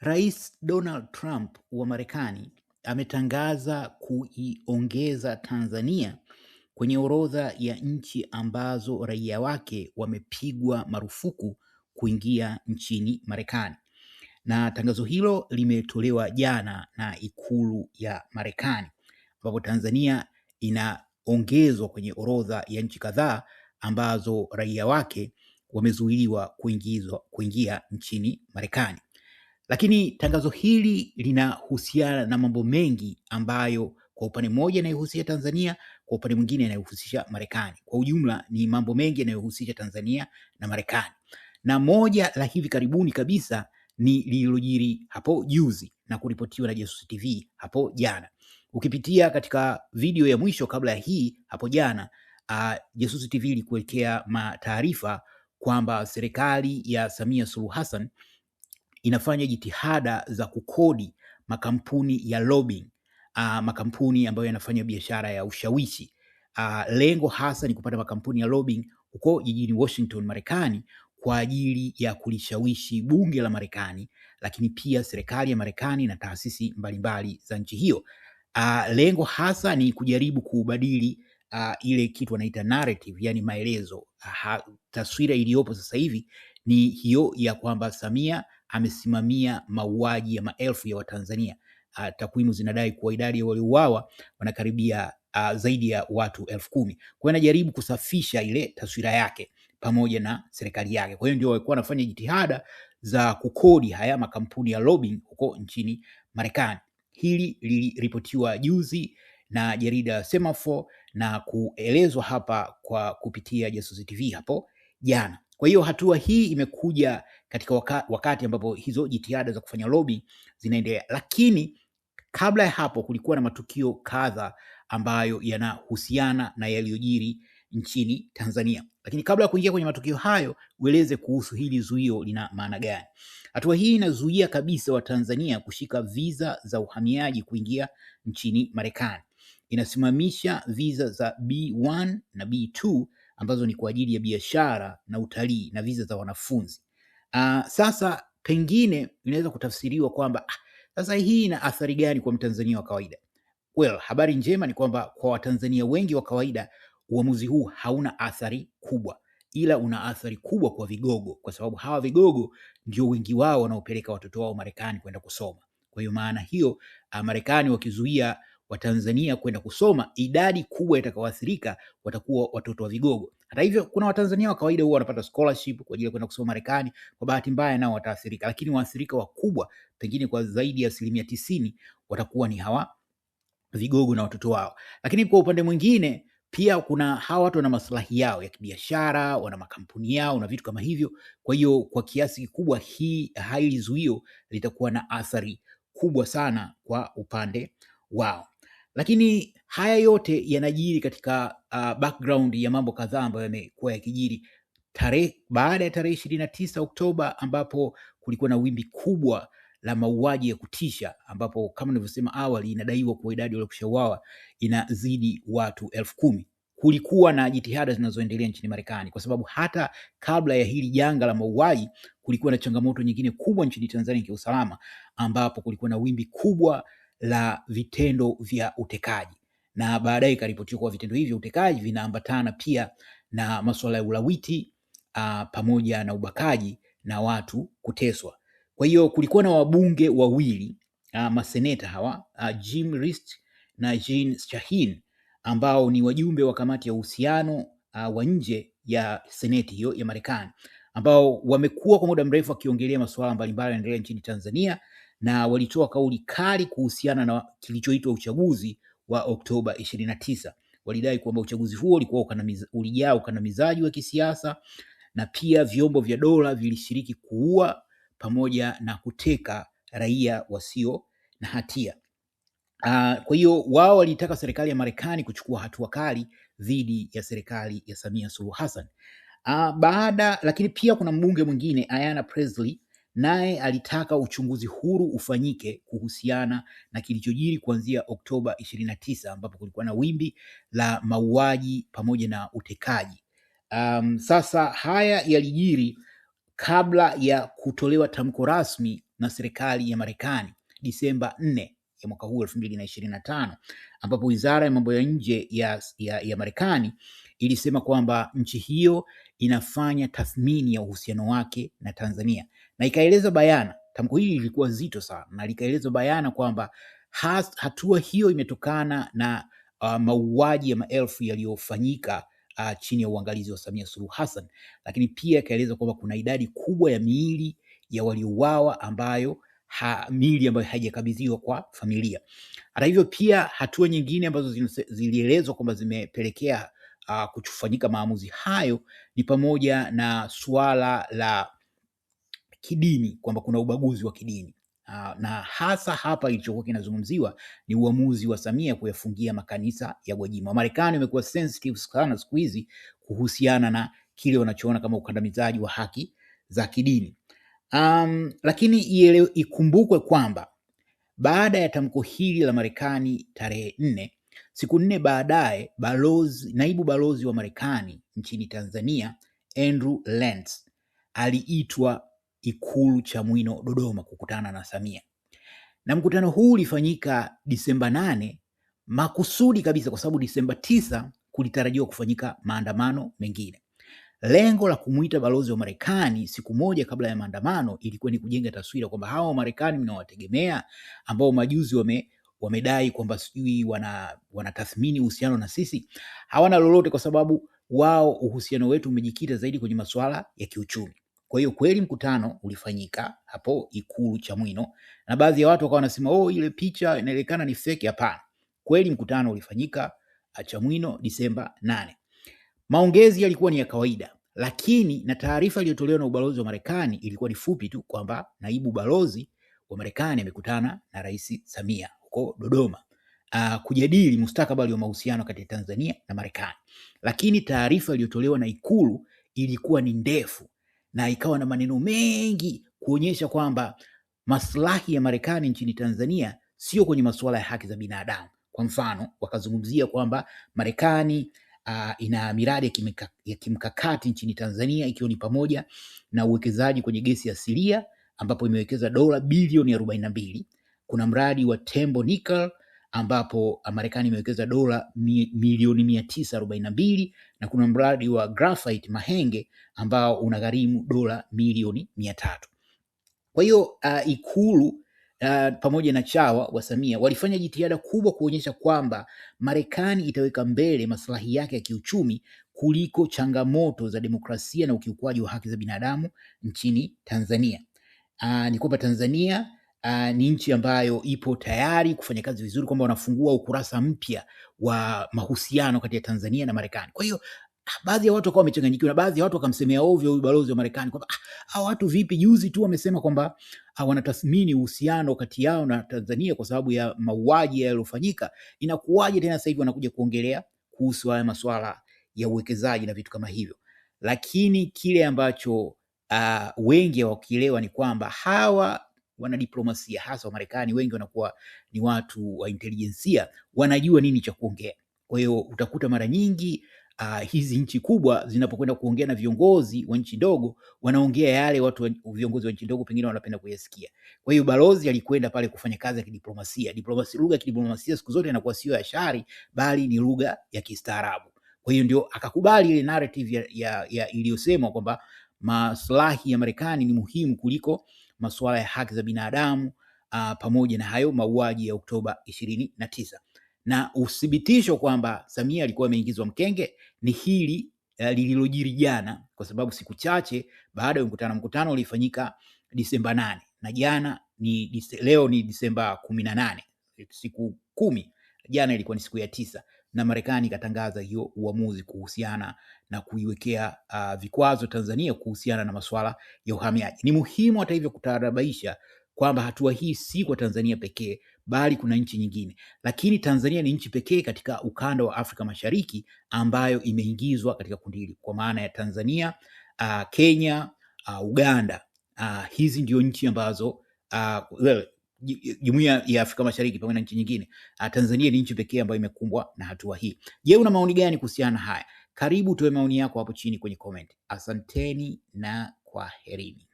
Rais Donald Trump wa Marekani ametangaza kuiongeza Tanzania kwenye orodha ya nchi ambazo raia wake wamepigwa marufuku kuingia nchini Marekani. Na tangazo hilo limetolewa jana na Ikulu ya Marekani ambapo Tanzania inaongezwa kwenye orodha ya nchi kadhaa ambazo raia wake wamezuiliwa kuingizwa kuingia nchini Marekani. Lakini tangazo hili linahusiana na mambo mengi ambayo kwa upande mmoja inayohusisha Tanzania, kwa upande mwingine inayohusisha Marekani. Kwa ujumla ni mambo mengi yanayohusisha Tanzania na Marekani, na moja la hivi karibuni kabisa ni lililojiri hapo juzi na kuripotiwa na Jasusi TV hapo jana. Ukipitia katika video ya mwisho kabla ya hii hapo jana, uh, Jasusi TV ilikuwekea mataarifa kwamba serikali ya Samia Suluhu Hassan inafanya jitihada za kukodi makampuni ya lobbying, uh, makampuni ambayo yanafanya biashara ya ushawishi. Uh, lengo hasa ni kupata makampuni ya lobbying huko jijini Washington, Marekani kwa ajili ya kulishawishi bunge la Marekani, lakini pia serikali ya Marekani na taasisi mbalimbali za nchi hiyo. Uh, lengo hasa ni kujaribu kubadili uh, ile kitu wanaita narrative, yani maelezo. Uh, taswira iliyopo sasa hivi ni hiyo ya kwamba Samia amesimamia mauaji ya maelfu ya Watanzania. Uh, takwimu zinadai kuwa idadi ya waliouawa wanakaribia uh, zaidi ya watu elfu kumi. Kwa hiyo anajaribu kusafisha ile taswira yake pamoja na serikali yake. Kwa hiyo ndio walikuwa wanafanya jitihada za kukodi haya makampuni ya lobbying huko nchini Marekani. Hili liliripotiwa juzi na jarida semafo na kuelezwa hapa kwa kupitia Jasusi TV hapo jana. Kwa hiyo hatua hii imekuja katika waka, wakati ambapo hizo jitihada za kufanya lobby zinaendelea, lakini kabla ya hapo kulikuwa na matukio kadha ambayo yanahusiana na yaliyojiri nchini Tanzania. Lakini kabla ya kuingia kwenye matukio hayo, ueleze kuhusu hili zuio lina maana gani? Hatua hii inazuia kabisa Watanzania kushika viza za uhamiaji kuingia nchini Marekani. Inasimamisha viza za B1 na B2 ambazo ni kwa ajili ya biashara na utalii na viza za wanafunzi. Uh, sasa pengine inaweza kutafsiriwa kwamba ah, sasa hii ina athari gani kwa Mtanzania wa kawaida? Well, habari njema ni kwamba kwa Watanzania wengi wa kawaida uamuzi huu hauna athari kubwa, ila una athari kubwa kwa vigogo, kwa sababu hawa vigogo ndio wengi wao wanaopeleka watoto wao Marekani kwenda kusoma. Kwa hiyo maana hiyo, ah, Marekani wakizuia Tanzania kwenda kusoma, idadi kubwa itakaoathirika watakuwa watoto wa vigogo. Hata hivyo, kuna Watanzania wa kawaida huwa wanapata scholarship kwa ajili ya kwenda kusoma Marekani, kwa bahati mbaya nao wataathirika, lakini waathirika wakubwa pengine kwa zaidi ya asilimia tisini watakuwa ni hawa vigogo na watoto wao. Lakini kwa upande mwingine pia kuna hawa watu wana maslahi yao ya kibiashara, wana makampuni yao na vitu kama hivyo. Kwa hiyo kwa kiasi kikubwa hii hali zuio litakuwa na athari kubwa sana kwa upande wao. Lakini haya yote yanajiri katika uh, background ya mambo kadhaa ambayo yamekuwa yakijiri tarehe baada ya tarehe ishirini na tisa Oktoba ambapo kulikuwa na wimbi kubwa la mauaji ya kutisha ambapo kama nilivyosema awali, inadaiwa kuwa idadi waliokushauawa inazidi watu elfu kumi. Kulikuwa na jitihada zinazoendelea nchini Marekani kwa sababu hata kabla ya hili janga la mauaji kulikuwa na changamoto nyingine kubwa nchini Tanzania kiusalama, ambapo kulikuwa na wimbi kubwa la vitendo vya utekaji, na baadaye ikaripotiwa kuwa vitendo hivi vya utekaji vinaambatana pia na masuala ya ulawiti uh, pamoja na ubakaji na watu kuteswa. Kwa hiyo kulikuwa na wabunge wawili uh, maseneta hawa uh, Jim Rist na Jean Shahin ambao ni wajumbe wa kamati ya uhusiano uh, wa nje ya seneti hiyo ya Marekani ambao wamekuwa kwa muda mrefu wakiongelea masuala mbalimbali yanaendelea nchini Tanzania na walitoa kauli kali kuhusiana na kilichoitwa uchaguzi wa Oktoba ishirini na tisa. Walidai kwamba uchaguzi huo ulikuwa ulijaa ukandamizaji wa kisiasa na pia vyombo vya dola vilishiriki kuua pamoja na kuteka raia wasio na hatia. Uh, kwa hiyo wao walitaka serikali ya Marekani kuchukua hatua kali dhidi ya serikali ya Samia Suluhu Hassan. Uh, baada lakini pia kuna mbunge mwingine Ayanna Presley naye alitaka uchunguzi huru ufanyike kuhusiana na kilichojiri kuanzia Oktoba 29 ambapo kulikuwa na wimbi la mauaji pamoja na utekaji. Um, sasa haya yalijiri kabla ya kutolewa tamko rasmi na serikali ya Marekani Disemba 4 ya mwaka huu elfu mbili na ishirini na tano ambapo Wizara ya Mambo ya Nje ya, ya, ya Marekani ilisema kwamba nchi hiyo inafanya tathmini ya uhusiano wake na Tanzania na ikaelezwa bayana, tamko hili lilikuwa zito sana, na likaelezwa bayana kwamba hatua hiyo imetokana na uh, mauaji ya maelfu yaliyofanyika uh, chini ya uangalizi wa Samia Suluhu Hassan, lakini pia ikaelezwa kwamba kuna idadi kubwa ya miili ya waliouawa ambayo ha, miili ambayo haijakabidhiwa kwa familia. Hata hivyo, pia hatua nyingine ambazo zilielezwa kwamba zimepelekea uh, kufanyika maamuzi hayo ni pamoja na suala la kidini kwamba kuna ubaguzi wa kidini ah, na hasa hapa ilichokuwa kinazungumziwa ni uamuzi wa Samia kuyafungia makanisa ya Gwajima. Wamarekani wamekuwa sensitive sana siku hizi kuhusiana na kile wanachoona kama ukandamizaji wa haki za kidini. Um, lakini ielewe, ikumbukwe kwamba baada ya tamko hili la Marekani tarehe nne, siku nne baadaye balozi, naibu balozi wa Marekani nchini Tanzania Andrew Lentz aliitwa Ikulu mwino Dodoma, kukutana na Samia, na mkutano huu ulifanyika Disemba nane makusudi kabisa, kwa sababu Disemba tisa kulitarajiwa kufanyika maandamano mengine. Lengo la kumwita balozi wa Marekani siku moja kabla ya maandamano ilikuwa ni kujenga taswira kwamba hawa Wamarekani mnawategemea, ambao majuzi wame wamedai kwamba sijui wana wanatathmini uhusiano na sisi, hawana lolote, kwa sababu wao uhusiano wetu umejikita zaidi kwenye masuala ya kiuchumi. Kwa hiyo kweli mkutano ulifanyika hapo Ikulu Chamwino, na baadhi ya watu wakawa wanasema oh, ile picha inaelekana ni fake. Hapana, kweli mkutano ulifanyika ah, Chamwino Disemba nane. Maongezi yalikuwa ni ya kawaida, lakini na taarifa iliyotolewa na ubalozi wa Marekani ilikuwa ni fupi tu kwamba naibu balozi wa Marekani amekutana na Rais Samia huko Dodoma uh, kujadili mustakabali wa mahusiano kati ya Tanzania na Marekani, lakini taarifa iliyotolewa na Ikulu ilikuwa ni ndefu na ikawa na maneno mengi kuonyesha kwamba maslahi ya Marekani nchini Tanzania sio kwenye masuala ya haki za binadamu. Kwa mfano, wakazungumzia kwamba Marekani uh, ina miradi ya, kimika, ya kimkakati nchini Tanzania ikiwa ni pamoja na uwekezaji kwenye gesi asilia ambapo imewekeza dola bilioni arobaini na mbili. Kuna mradi wa Tembo Nickel ambapo Marekani imewekeza dola milioni mia tisa arobaini na mbili na kuna mradi wa graphite Mahenge ambao unagharimu dola milioni mia tatu. Kwa hiyo uh, Ikulu uh, pamoja na chawa wa Samia walifanya jitihada kubwa kuonyesha kwamba Marekani itaweka mbele maslahi yake ya kiuchumi kuliko changamoto za demokrasia na ukiukwaji wa haki za binadamu nchini Tanzania. Uh, ni kwamba Tanzania uh, ni nchi ambayo ipo tayari kufanya kazi vizuri, kwamba wanafungua ukurasa mpya wa mahusiano kati ya Tanzania na Marekani. Kwa hiyo ah, baadhi ya watu wakawa wamechanganyikiwa na baadhi ya watu wakamsemea ovyo huyu balozi wa Marekani kwamba ah, watu vipi? Juzi tu wamesema kwamba ah, wanatathmini uhusiano kati yao na Tanzania kwa sababu ya mauaji yaliyofanyika. Inakuwaje tena sasa hivi wanakuja kuongelea kuhusu haya masuala ya uwekezaji na vitu kama hivyo? Lakini kile ambacho uh, wengi hawakielewa ni kwamba hawa wanadiplomasia hasa wa Marekani wengi wanakuwa ni watu wa intelijensia, wanajua nini cha kuongea. Kwa hiyo utakuta mara nyingi uh, hizi nchi kubwa zinapokwenda kuongea na viongozi wa nchi ndogo wanaongea yale watu wa, viongozi wa nchi ndogo pengine wanapenda kuyasikia. Kwa hiyo balozi alikwenda pale kufanya kazi ya kidiplomasia. Diplomasia, lugha ya kidiplomasia siku zote inakuwa sio ya shari, bali ni lugha ya kistaarabu. Kwa hiyo ndio akakubali ile narrative ya, ya, ya iliyosemwa kwamba maslahi ya Marekani ni muhimu kuliko masuala ya haki za binadamu uh, pamoja na hayo mauaji ya Oktoba ishirini na tisa na uthibitisho kwamba Samia alikuwa ameingizwa mkenge ni hili uh, lililojiri jana, kwa sababu siku chache baada ya mkutano mkutano ulifanyika Disemba nane na jana ni leo ni Disemba kumi na nane siku kumi jana ilikuwa ni siku ya tisa na Marekani ikatangaza hiyo uamuzi kuhusiana na kuiwekea uh, vikwazo Tanzania kuhusiana na masuala ya uhamiaji. Ni muhimu hata hivyo kutarabaisha kwamba hatua hii si kwa Tanzania pekee bali kuna nchi nyingine, lakini Tanzania ni nchi pekee katika ukanda wa Afrika Mashariki ambayo imeingizwa katika kundi hili kwa maana ya Tanzania, uh, Kenya, uh, Uganda. Uh, hizi ndio nchi ambazo uh, well, jumuiya ya Afrika Mashariki pamoja na nchi nyingine. Ah, Tanzania ni nchi pekee ambayo imekumbwa na hatua hii. Je, una maoni gani kuhusiana na haya? Karibu tuwe maoni yako hapo chini kwenye comment. Asanteni na kwaherini.